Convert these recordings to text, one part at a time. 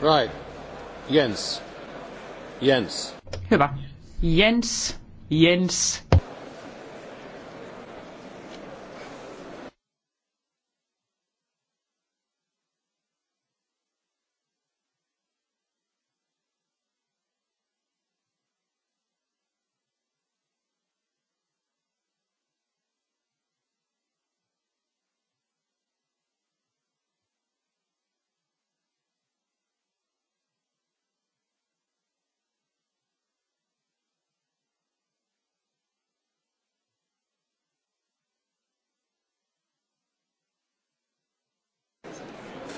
Right. Jens. Jens. Hyvä. Jens. Jens.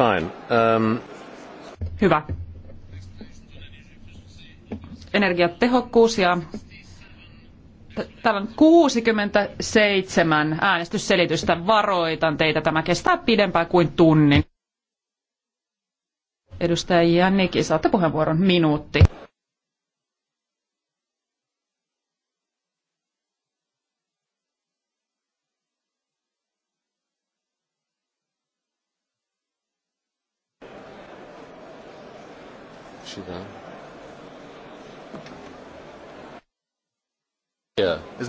Fine. Um... Hyvä. Energiatehokkuus ja Täällä on 67 äänestysselitystä. Varoitan teitä. Tämä kestää pidempään kuin tunnin. Edustaja Jannikki, saatte puheenvuoron minuutti. przyda. No. Yeah.